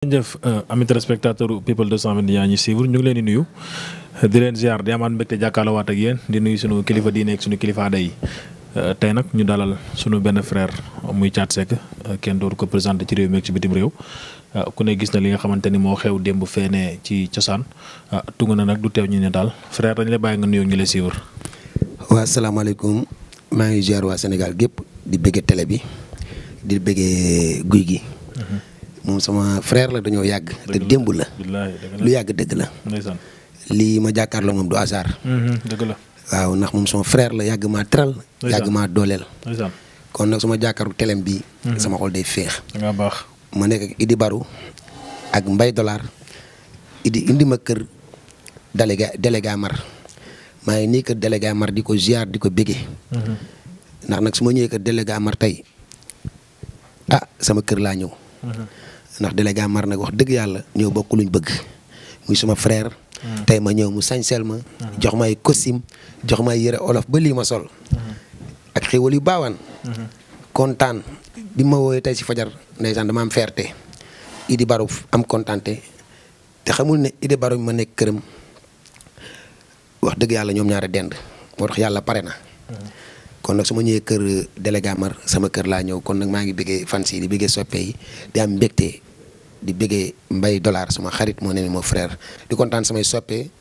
jëf euh, amit téléspectateur people 221 yaa ñu suivre ñu ngi leen di nuyu di leen ziar di amaat mbégte jàkkaarloo waat ak di nuyu sunu kilifa diine ak sunu kilifa aada yi euh, tey nag ñu dalal sunu benn frère muy Thiat Seck euh, kenn dootu ko présenté ci réew mi ak ci bitim réew ku ne gis na li nga xamante ni moo xew démb feenee ci cosaan tungu na nag du teew ñu ne daal frère dañu la bàyyi nga nuyoo ñu lay suivre. waa salaamaaleykum maa ngi ziar waa Sénégal gépp di bëggee télé bi di bëggee gi. Mhm. moom sama frère la dañoo yàgg. te démb la. lu yàgg dëgg la. lii ma jàkkaarloo moom du hasard. Mhm, dëgg waaw ndax moom sama frère la yàgg maa teral. yàgg maa dooleel. kon nag suma jàkkaaru telem bi mhm. sama xol day féex. ma nekk ak Idi Barou ak Mbaye Dollar Idi indi ma kër délégué Mar maa nii kër délégué Mar di ko ziar di ko bége. Mhm. ndax nag su ma ñëwee kër délégué Mar tey ah sama kër laa ñëw. ndax délégué mar nag wax dëgg yàlla ñoo bokk luñ bëgg suma frère. Hmm. ma ñëw mu sañsel ma. Hmm. jox ma ay jox ma ay olof ba lii ma sol. Hmm. ak bi ma woowee tey si fajar ndeysaan dama am xamul ne Idi ma nekk këram wax dëgg yàlla ñoom ñaari dend moo tax yàlla pare na. kon nag su ma ñëwee kër délégué sama kër laa ñëw kon nag maa ngi bëggee fan di bëggee soppe yi di am mbégte di bëggee mbay dollar sama xarit moo ne moo frère di kontaan samay soppee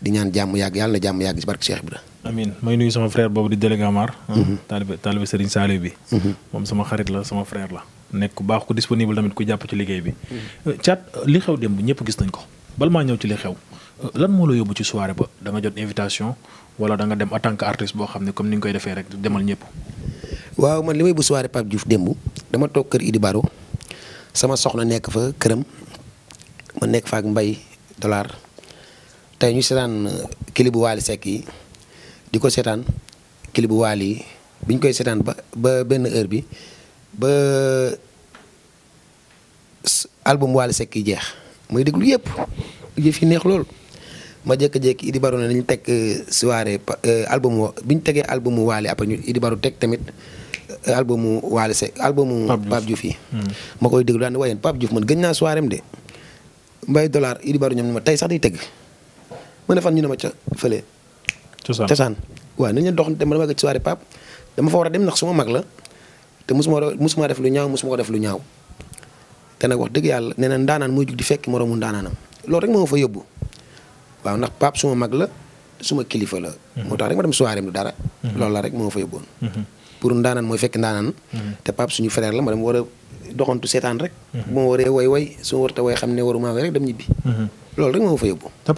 di ñaan jàmm yàgg yàlla na jàmm yàgg ci barke Cheikh Ibra amin may nuyu sama frère boobu di délégué Amar. Mm-hmm. taalibe taalibe Serigne bi. Mm-hmm. moom sama xarit la sama frère la. nekk ku baax ku disponible tamit ku jàpp ci liggéey bi. Mm-hmm. Euh, Thiat li xew démb ñëpp gis nañ ko bal maa ñëw ci li xew euh, lan moo la yóbbu ci soirée ba da jot invitation wala da nga dem en tant que boo xam ne comme ni nga koy defee rek demal ñëpp. waaw man li may bu soirée Pape dama toog kër Idi Baro sama soxna nekk fa këram ma nekk fa ak mbay dollar tey ñu seetaan kilibu uh, bu Wally yi di ko seetaan kilibu bu yi bi koy seetaan ba ba benn heure bi ba album Wally Seck yi jeex muy déglu yëpp yëf yi neex lool ma jékki-jékki Idi na ne nañu teg uh, soirée uh, album bi ñu tegee albumu Wally après ñu Idi teg tamit. albumu Waly Seck albumu Pape Diouf yi hmm. ma koy déglu daan ne waaye Pape Diouf man gëñ naa soirée am de mbay dollar idi baro ñoom ne ma tey sax day tëgg ma ne fan ñu ne ma ca fële cosaan waaw nañ leen dox dem dama ci soirée Pape dama fa war a dem ndax suma mag la te musuma musuma def lu ñaaw musuma def lu ñaaw te nag wax dëgg yàlla nee na ndaanaan mooy jug di fekk moroomu ndaanaanam loolu rek moo fa yóbbu waaw ndax Pape suma mag la suma kilifa la hmm. moo tax rek ma dem soirée du dara hmm. loolu la rek moo fa yóbboon pour ndaanaan mooy fekk ndaanaan mm-hmm. te Pape suñu a doxantu seetaan rek mm-hmm. bu ma waree way way su ma warta ne waruma way rek dem ñibbi mm-hmm. loolu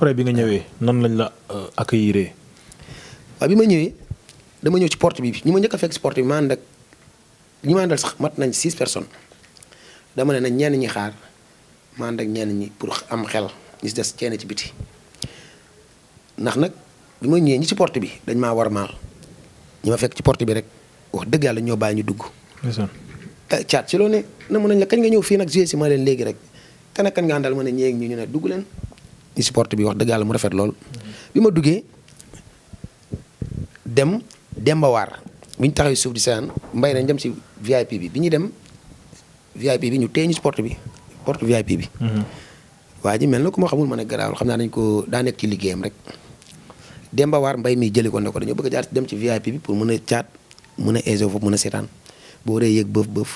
rek bi nga ñëwee nan lañ la euh, accueillir bi ma ñëwee dama ñëw ci porte bi ñi a fekk ci porte bi ma ànd ak ma nañ six personnes dama ne nañ ñenn ñi xaar ma ak ñenn ñi pour am xel ñi si des ci biti ndax nag bi ma ñëwee ñi ci porte bi dañ maa war maal ñi ma fekk ci port bi rek wax dëgg yàlla ñoo bàyyi ñu dugg. caat eh, ci loo ne na mën nañ la kañ nga ñëw fii nag joué ma leen léegi rek kan ak kan nga àndal ma ne ñeeg ñu ñu ne dugg leen. ñu support bi wax dëgg yàlla mu rafet lool. Mm-hmm. bi ma duggee dem Dembawaar bi ñu taxawee suuf di saan nañ dem si VIP bi bi ñuy dem VIP bi ñu téye si porte bi porte VIP bi. Mm-hmm. waa ji mel na ku ma xamul ma ne garaawul xam naa dañ ko daa ci liggéeyam rek Dembawaar mbay mi jëli ko ne dañoo bëgg a jaar dem ci VIP bi pour mën a caat. mën a aisé foofu mën a seetaan boo waree yëg bëf bëf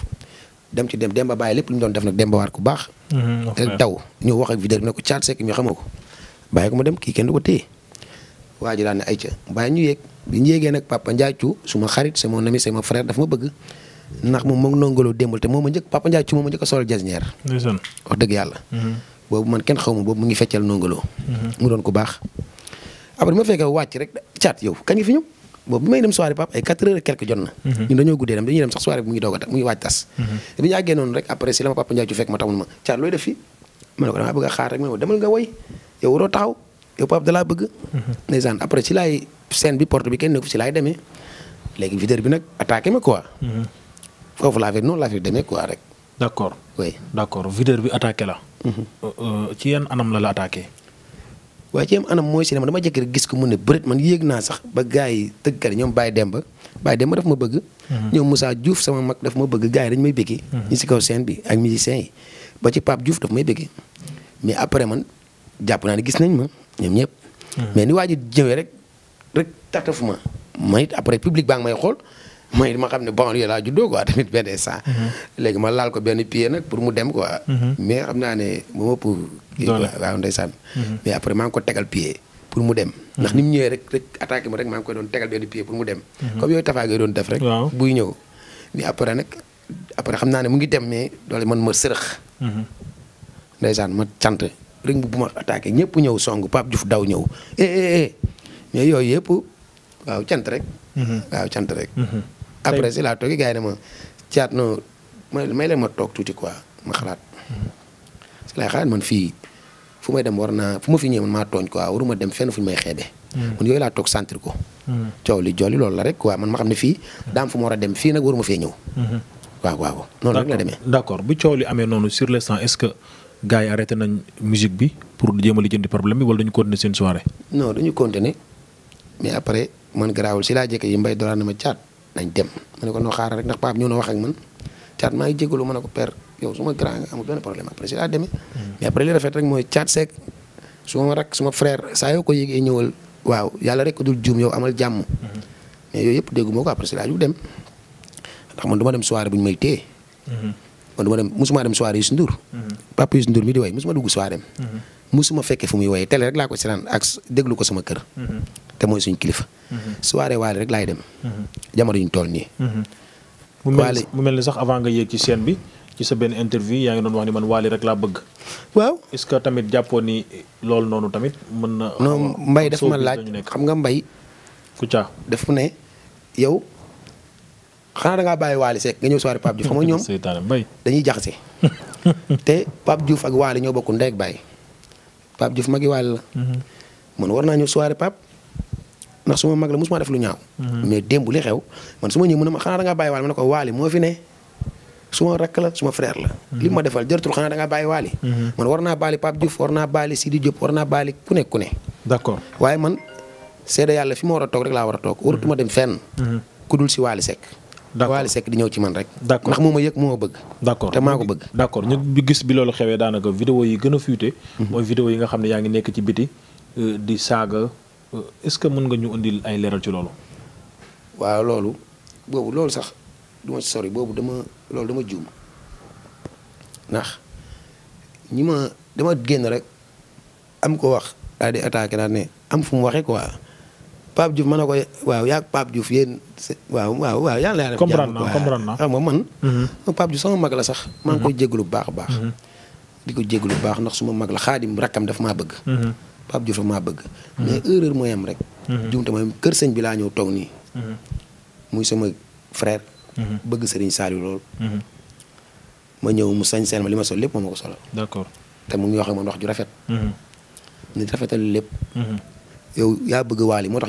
dem ci dem Demba bàyyi lépp lu mu doon def nag Demba waar ku baax. rek mhm, daw ñëw wax ak bi ne ko caat sekk ñu xamoo ko bàyyi ko ma dem kii kenn du ko téye waa ji daal ne ay ca bàyyi ñu yéeg bi ñu yéegee nag papa Ndiaye Thiou suma xarit c'est mon ami c'est mon frère daf ma bëgg ndax moom moom nongoloo démbal te moom a njëkk papa Ndiaye moom a njëkk a solal jasñeer wax dëgg yàlla mhm. boobu man kenn xaw ma boobu mu ngi feccal nongoloo mhm. mu doon ko baax après ma fekkee wàcc rek boobu bi may dem soirée pap ay 4 heures et quelque jot na mhm. ñun dañoo guddee dem dañuy dem sax soirée bi mu ngi doog a mu ngi waaj tas mhm. bi ñu àggee noonu rek après si la a xaar rek ma mhm. bi porte bi kenn nekku demee léegi videur bi nag attaqué ma quoi foofu laa fi noonu laa fi demee quoi rek d' accord bi attaqué la euh, euh, ci yan anam la la attaqué waaye ci am anam mooy cinéma dama jékki rek gis ko mu ne bërit man yéeg naa sax ba gars yi tëggkat yi ñoom Baye Demba Baye Demba daf ma bëgg mhm. ñoom Moussa Diouf sama mag daf ma bëgg gars yi dañ may bëggi mhm. ñu si kaw scène bi ak musiciens yi ba ci Pape Diouf daf may bëggi mais après man jàpp naa ne gis nañ ma ñoom ñëpp mhm. mais ni waa ji jëwee rek rek tartafuma ma it après public baa ngi may xool ma xam ne mhm. ma laal ko benn pied nag mu dem quoi. Mhm. mais xam naa ne moom ëpp. doole waaw ndeysaan. Mhm. mais après ngi pour mu dem. ndax ni mu ñëwee rek rek attaqué ma rek maa i koy doon tegal benn pied pour mu dem. comme yooyu tafaa ngay doon naa ne mu ngi dem mais doole man ma sërëx. ndeysaan ma cant rek bu ma attaqué ñëpp ñëw song Pape Diouf daw ñëw eh eh eh mais yooyu yëpp waaw cant rek. waaw après si laa toogee gars yi ne ma caat no may may leen ma toog tuuti quoi ma xalaat. si laay xalaat man fii fu may dem war naa fu ma fi ñëwee man maa fu ñu may xeebe. Hmm. man yooyu laa toog hmm. la rek quoi man ma xam ne fii daam fu ma a dem fii nag waruma fee ñëw. Hmm. waaw waaw noonu rek la demee. d'accord bu coow li amee noonu sur l'instant est-ce que gars yi arrêté nañ musique bi pour jéem a lijjanti problème bi wala dañu continuer seen soirée. nañ dem ma ne ko noo xaaral rek ndax paap ñëw a wax ak man caat maa ngi jégalu ma ne ko père yow su ma grand nga amul benn problème après si laa demee hmm. mais après li rafet rek mooy caat seek su ma rak suma frère saa yoo ko yégee ñëwal waaw yàlla rek ko dul juum yow amal jàmm hmm. mais yooyu yëpp déggu ma ko après si laa jug dem ndax man du ma dem soirée bu ñu may téye hmm. man du rek laa ko seetaan ak déglu ko sama kër te mooy suñ kilifa. Mhm. soirée waale rek laay dem. Mhm. jamono yuñ toll nii. Mhm. waale mu mel ni sax avant nga yéeg ci scène bi ci sa benn interview yaa ngi doon wax ni man waale rek laa bëgg. waaw est-ce que tamit jàppoo ni loolu noonu tamit mën na. non mbay daf ma laaj xam nga mbay. Kouthia daf ne yow. xanaa da ngaa bàyyi Waly Seck nga ñëw soirée Pape Diouf xam ñoom dañuy jaxase te Pape Diouf ak Waly ñoo bokk ndey ak baay Pape Diouf magi Waly la. man war naa ñëw soirée ndax su ma mag la mosuma def lu ñaaw. Mhm. mais démb li xew man su ma ñëw mu ne ma xanaa da bàyyi waale ma ko waali moo fi ne su ma rakk la su ma la. Mhm. li ma defal jërëtul xanaa da ngaa bàyyi waali. Mhm. man war naa baali Pape Diouf war naa baali Sidi Diop war naa baali ku ne d'accord waaye man seede yàlla fi ma war a toog rek laa war a toog waratuma dem fenn. ku dul si waali Seck. d'accord Wally di ci man rek. d'accord ndax moo ma yëg moo ma bëgg. d'accord te maa ko bëgg. d'accord ñu gis bi loolu xewee daanaka vidéo yi gën a fuité. mooy vidéo yi nga xam ne yaa ngi nekk ci biti euh, di saaga Euh, est-ce que mën nga ñu indil ay leeral ci loolu. waaw loolu boobu loolu sax du ma sori boobu dama loolu dama juum ndax ñi ma dama génn rek am ko wax daal di naa daal ne am fu mu waxee quoi Pape ma ne ko waaw yaa Pape Diouf yéen waaw waaw waaw yàlla na. comprendre naa man. Mhm. mag la sax. maa ngi mhm. koy jégalu baax baax. Mhm. ko jégalu bu baax ndax suma mag la xaadim rakkam daf maa bëgg. Pape Diouf maa bëgg. Mhm. mais erreur mooy am rek. Mhm. jumte mooy kër sëñ bi laa ñëw toog nii. Mhm. muy sama frère. bëgg Serigne Saliou lool. ma ñëw mu sañ seen ma li ma sol lépp moom ma ko solal. d'accord te mu ngi wax ak man wax ju rafet. nit rafetal lépp. yow yaa bëgg waali uh-huh. euh,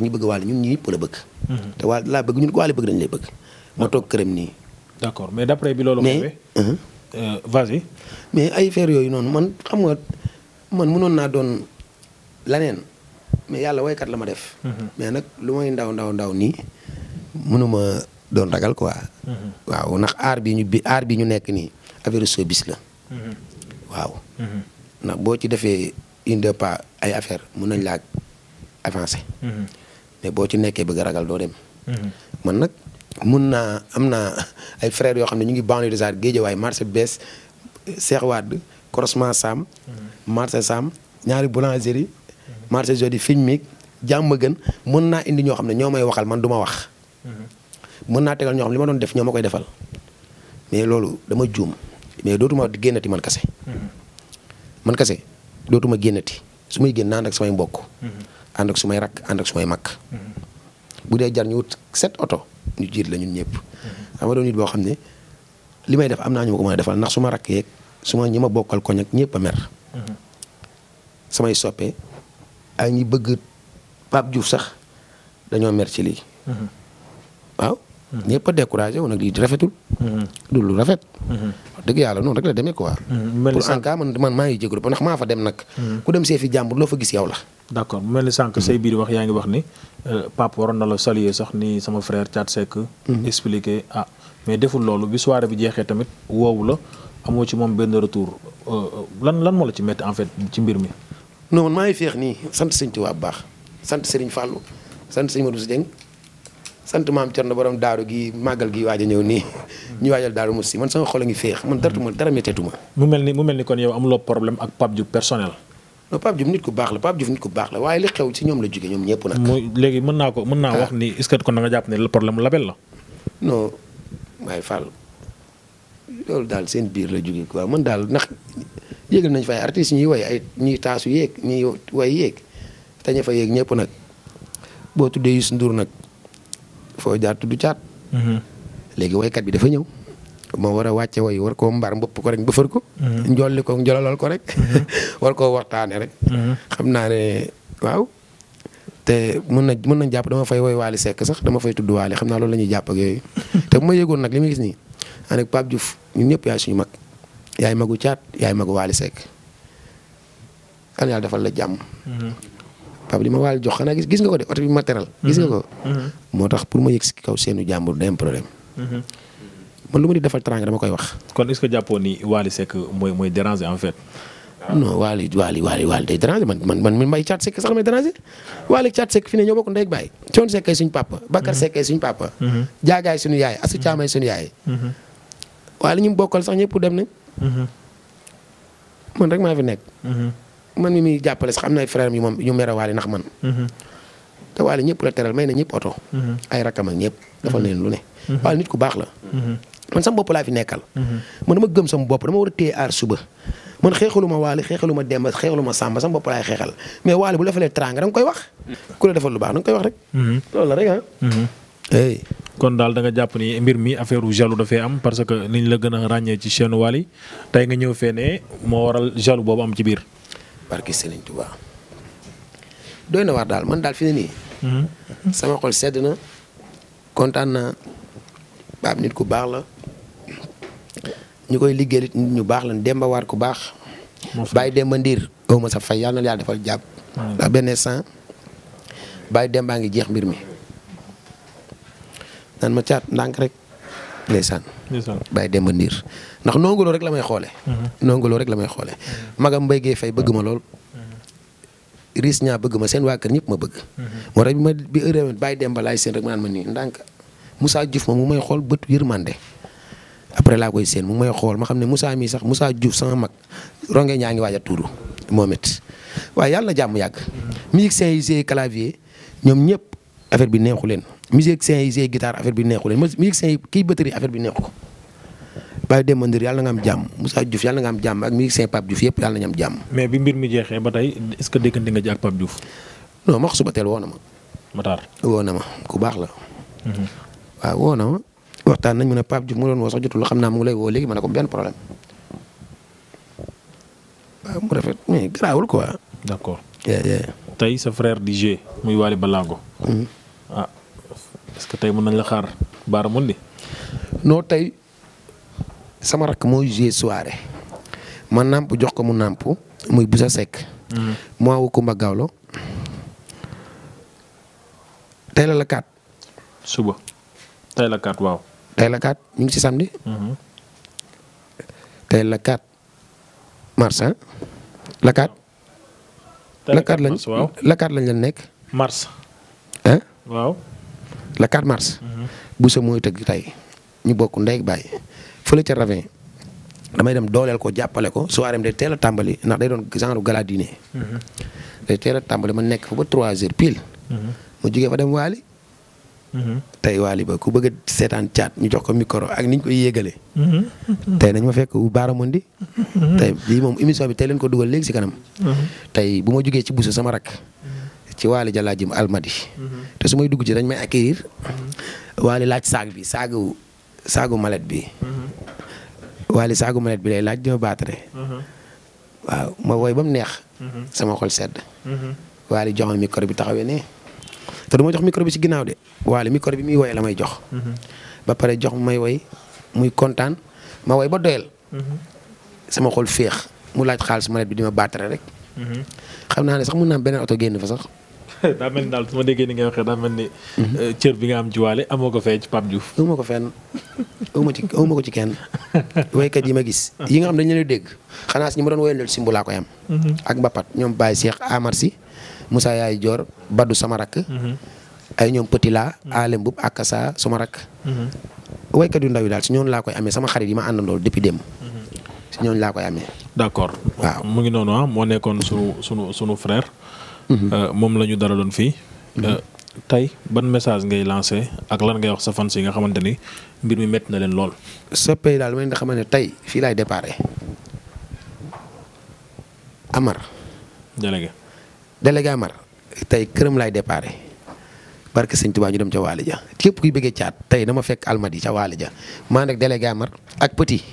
xam nga man mënoon naa doon. laneen mais yàlla woykat la ma def. Mhm. mais nag lu ma ndaw ndaw ndaw nii mënuma doon ragal quoi. Mhm. waaw ndax aar bi ñu bi ñu nekk nii affaire showbiz la. Mhm. waaw. ndax boo ci defee une deux pas ay affaire mën nañ laa mais boo ci nekkee ba ragal doo dem. man nag mun naa am na ay frères yoo xam ne ñu ngi banlieue des Arts Guédiawaye marché bees Cheikh Wade croisement Sam. marché Sam ñaari boulangerie marché jeudi fiñ mi jàmm ma gën mën naa indi ñoo xam ne ñoo may waxal man du ma wax. mën naa tegal ñoo xam li ma doon def ñoo ma koy defal mais loolu dama juum mais dootuma génnati man kase. man kase dootuma su may génn ànd ak samay mbokk. ànd ak sumay rakk ànd ak sumay mag. bu dee la ñun ñëpp. boo xam ne li may def am naa ñu ma ko mën a defal ndax su ma rakk yeeg su ma ñi ma bokkal koñ ak ñëpp a mer. samay soppe. ay ñi bëgg Pape Diouf sax dañoo mer ci lii. Mhm. waaw. Mhm. ñëpp a découragé wu nag lii di rafetul. Mhm. du lu rafet. dëgg yàlla noonu rek la demee quoi. mel ni sànq pour en man maa ngi jégalu ba ndax maa fa dem nag. ku dem see fi jàmbur loo fa gis yow la. d' accord mu mel ni sànq say biir wax yaa ngi wax ni euh, Pape waroon na la saluer sax ni sama frère Thiat Seck. expliqué ah mais deful loolu bi soirée bi jeexee tamit woowu la amoo ci moom benn retour euh, euh, lan lan moo la ci métti en fait ci mbir mi. noonu maa ngi féex nii sant sëñ Tuubaa bu baax sant Sëriñ Fàllu sant sëñ Modou Si Dieng sant maam Cerno borom daaru gi màggal gi waaj a ñëw nii ñu waajal daaru mu si man sama xol a ngi feex man dartuma dara métteetuma mu mel ni mu mel ni kon yow amuloo problème ak Pape Diouf personnel non Pape Diouf nit ku baax la Pape Diouf nit ko baax la waaye li xew ci ñoom la jóge ñoom ñëpp nag léegi mën naa ko mën naa ah. wax ni est-ce que kon da jàpp ne problème label la non waaye Fall loolu daal seen biir la jóge quoi man daal ndax yéegal nañ fa ay ñuy way ay ñuy taasu yéeg ñuy way yéeg te ña fa yéeg ñëpp nag boo tuddee Youssou ndur nag foo jaar tudd caat. Mhm. léegi waykat bi dafa ñëw. moo war a wàcce woy war koo mbar mbopp ko rek ba ko. Mhm. njolli ko njololal ko rek. Mhm. war ko waxtaane rek. xam naa ne waaw. te mën na mën nañ jàpp dama fay woy Waly Seck sax dama fay tudd Waly xam naa loolu la ñuy jàpp ak yooyu. te bu ma yëgoon nag li nii ànd ak Pape Diouf ñun ñëpp suñu mag. yaay magu caat yaay magu waali sekk kan yàlla defal la jàmm. Mm-hmm. papa li ma waal jox xanaa gis nga ko de oto bi matériel. gis nga ko. Mm-hmm. Mm-hmm. moo tax pour ma yëg si kaw seenu jàmbur day am problème. man lu ma di defal teraanga dama koy wax. kon est-ce que jàppoon ni waali sekk mooy mooy déranger en fait. non waali waali waali waali day déranger man man man mbay caat sekk sax may déranger waali caat sekk fi ne ñoo bokk ndey ak baay coon sekk Mm-hmm. man rek maa fi nekk. Mm-hmm. man mi muy jàppale sax am na ay frères yu moom a merewaale ndax man. Mm-hmm. te waale ñëpp la teral may na ñëpp oto. ay rakam ak defal na leen lu ne. waale nit ku baax la. man sama bopp laa fi nekkal. man dama gëm sama bopp dama war a téye suba. man xeexalu ma waale xeexalu ma demba xeexalu ma sàmba sama bopp laay xeexal mais waale bu defalee teraanga da koy wax. ku la defal lu baax da koy wax rek. kon daal da jàpp ni mbir mi affaire u dafay am parce que niñ la gën a ràññee ci chaîne Wally tey nga ñëw fee moo waral jaloux boobu am ci biir. barke Serigne Touba doy na waar daal man daal fi ne nii. Mhm. sama xol sedd na kontaan naa baab nit ku baax la ñu koy liggéeyal nit ñu baax la Demba waar ku baax. bàyyi Demba Ndiir aw ma sa fay yàlla na yàlla defal jàpp. ndax benn instant Demba ngi jeex mbir mi. naan ma caat ndànk rek la may xoole nongolo rek la may xoole mhm. mhm. magam mbay gee fay bëgg ma lool mhm. riis ñaa bëgg ma seen waa kër ñëpp ma bëgg moo a bi ma bi dem ba laay seen rek ma naan ma nii ndànk Moussa Diouf ma mu may xool bët yërmande après laa koy seen mu may xool ma xam ne Moussa mii sax Moussa Diouf sama mag ronge ñaa ngi waaj a tuuru moom it waaye yàlla na jàmm yàgg musicien yi clavier ñoom ñëpp affaire bi neexu leen mu yi sey guitare affaire bi neexu leen musiciens yi kii batterie affaire bi neexu ko Baye Demba Ndir yàlla nga am jàmm mu Diouf yàlla nga am jàmm ak musicien Pape Diouf yëpp yàlla nañu am jàmm. mais bi mbir mi jeexee ba tey est-ce que déggante nga ci ak Pape Diouf. ma suba teel woo na ma. Matar woo na ma ku baax la. Mhm. waaw woo na ma waxtaan nañ mu ne Pape Diouf mu doon woo jotu jotul xam naa mu ngi lay woo léegi ma ne ko benn problème waaw mu rafet mais garaawul quoi. d'accord. tey sa frère di muy Waly Ballago. Mhm. ah parce que tey mën nañ la xaar baara mun di non tey sama rakk mooy joué soirée ma nàmp jox ko mu nàmp muy Boussa Seck. mu mm-hmm. awu Kumba Gawlo tey la la kaat. suba tey la kaat waaw. tey la kaat ñu ngi ci samedi. Mm-hmm. tey la kaat lañ ah. la lañ leen nekk. mars. ah le 4 mars. Mhm. Boussa mooy tëgg tey ñu bokk ndey ak baay fële ca Ravin damay dem dooleel ko jàppale ko soirée day teel a tàmbali ndax day doon genre gala mhm. dîner. teel a tàmbali ma nekk fa ba 3 heures pile. Mhm. mu jugee fa dem Waali. tey Waali ba ku bëgg a seetaan caat ñu jox ko micro ak niñ koy yégalee. tey nañ ma fekk Baara Mondi. tey bi tey leen ko dugal léegi si kanam. tey bu ma jugee ci Boussa sama rak. ci waali jalaajim almadi te su may dugg ci dañ may accueillir waali laaj saag bi saagu saagu malet bi waali saagu malet bi lay laaj dima baatare waaw ma woy ba mu neex sama xol sedd waali jox ma micro bi taxawee bi ci ginnaaw de waali micro bi muy woy la may jox ba jox may woy muy kontaan ma woy ba doyal sama xol féex mu laaj xaalis malet bi dima baatare rek xam naa ne sax mun naa beneen oto génn fa sax daa mel ni daal su ma déggee ni ngay waxee daa mel ni. Mhm. Euh, cër bi nga am ci waale amoo ko fee ci Pape Diouf. amoo ko fenn amoo ci ko ci kenn waykat yi ma gis. yi nga xam dañu leen dégg xanaa si ñi ma doon woyal simbu laa koy am. Mhm. ak Mbapat ñoom Baye Cheikh Amar Sy Moussa Yaay Dior Badou sama rakk. Mhm. ay ñoom Petit La. Alem Boub Akassa sama rakk. waykat yu ndaw yi daal si ñoom laa koy amee sama xarit yi ma àndandoo depuis démb. si ñooñu laa koy amee. d'accord waaw mu ngi noonu ah moo nekkoon sunu sunu sunu Euh, moom la ñu daraloon fii. Euh, tey ban message ngay lancé ak lan ngay wax sa fans yi nga xamante ni mbir mi métti na leen lool. soppee daal mooy nga xamante ne tey fii lay déparé Amar. délégué. délégué Amar tey këram laay déparé barke sëñ Tuubaa ñu dem ca ja képp kuy bëggee caat tey dama fekk almadi ca Waalija maa nag délégué Amar ak petit.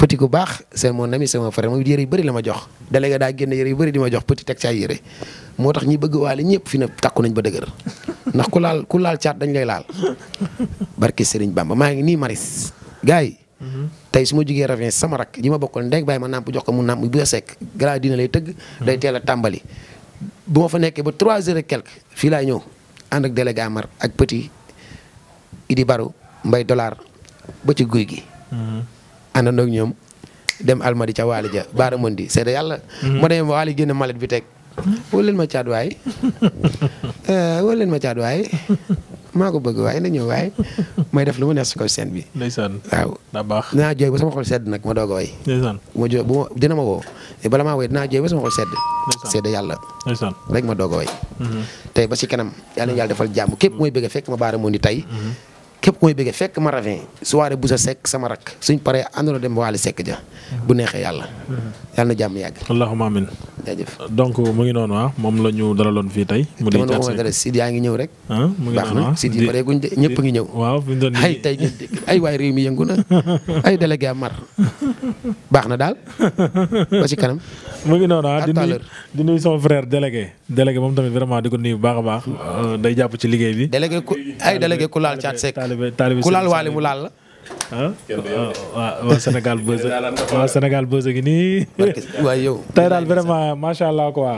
petit ku baax c'est mon ami c'est mon frère moom yére yu bëri la ma jox délégué daa génn yére yu bëri di ma jox petit teg ci ay yére moo tax ñi bëgg waale ba dëgër ndax ku laal ku laal caat dañ lay laal barke Serigne Bamba maa ngi nii maris gars yi tey su ma jugee rafet sama rak ñi ma bokkal ndeg bàyyi ma nàmp jox ko mu nàmp bu sekk gala dina lay tëgg day teel a tàmbali bu fa nekkee ba 3 heures et fii laay ñëw ànd ak délégué Amar ak petit Idi Baro Mbay Dollar ba ci guy gi àndandoo ma demee ba waali génn malet bi teg mm-hmm. wóolu leen ma caat waay eh, wóolu leen ma caat waay maa ko bëgg waaye na ñëw ma neex si kaw scène bi. jooy ba sama xol sedd nag ma doog a ma jooy bu ma dina ma woo eh, bala maa way dinaa jooy ba sama xol sedd. sedd yàlla. ndeysaan rek ma doog a way. Mm-hmm. tey ba si kanam yàlla na yàlla defal jàmm képp mooy bëgg a fekk ma baara moo tey. Mm-hmm. képp ku may bëggee fekk ma ravin soirée bu sa sekk sama rak suñ paree àndandoo dem waali sekk ja bu neexee yàlla. Mm-hmm. yàlla na jàmm yàgg. allahumma amin jaajëf mu ngi noonu ah moom la ñu dalaloon fii tey. mu ngi ñëw rek. Ah, mu ngi baax na ah, Sidi a ngi ñëw. waaw fi mu doon ay tey ay waay réew mi yëngu na ay délégué a mar baax na daal ba ci kanam. mu ngi noonu ah di nuyu di nuyu sama frère délégué. délégué moom tamit vraiment di ko nuyu bu baax a baax. Euh, day jàpp ci liggéey bi. délégué ku ay délégué ku laal Thiat Seck taalibe taalibe ku laal waale mu laal la. ah, ah, ah waaw Sénégal buzz waaw Sénégal buzz gi nii. waaye yow. tey daal vraiment macha allah quoi.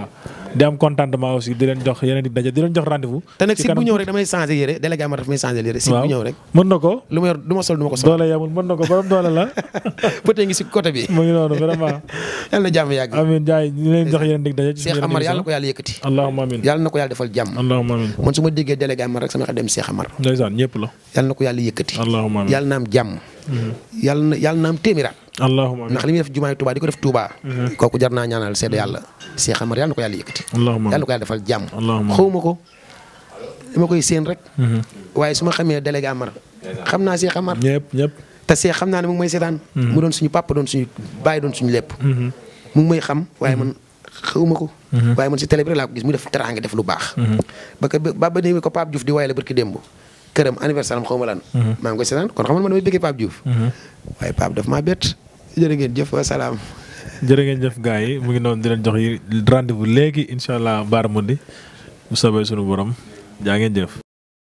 di am contentement aussi di leen jox yeneen di daje di leen jox rendez-vous. te nag site bu ñëw rek damay changé yére délégué Amar daf bu ñëw rek mën na ko. lu ma sol du ko sol. doole yamul mën na ko yàlla na jàmm man su ma déggee rek sama xel dem Cheikh Amar. ndeysaan ñëpp la. yàlla na ko yàlla yëkkati. yàlla na am mhm. yàlla na téeméeraat. ndax li muy def jumaay Touba di ko def Touba. Mhm. kooku jar naa ñaanal seede yàlla Cheikh yàlla na ko yàlla defal jàmm. xaw ma ko dama koy séen rek. Mhm. waaye su ma xamee délégué Amar xam naa Cheikh Amar. ñëpp ñëpp te Cheikh xam naa ne mu ngi may seetaan. Mhm. mu doon suñu papa doon suñu bàyyi doon suñu lépp. Mhm. mu ngi may xam waaye man xaw ma ko. waaye man si télé bi rek laa ko gis mu def teraanga def lu baax. ba ka ba ba ko Pape Diouf di waaye la barki démb. këram anniversaire am xaw ma salaam. jërë ngeen jëf gars yi mu ngi noonu di jox yi rendez-vous léegi incha allah baar mu di bu soobee sunu borom jaa ngeen jëf.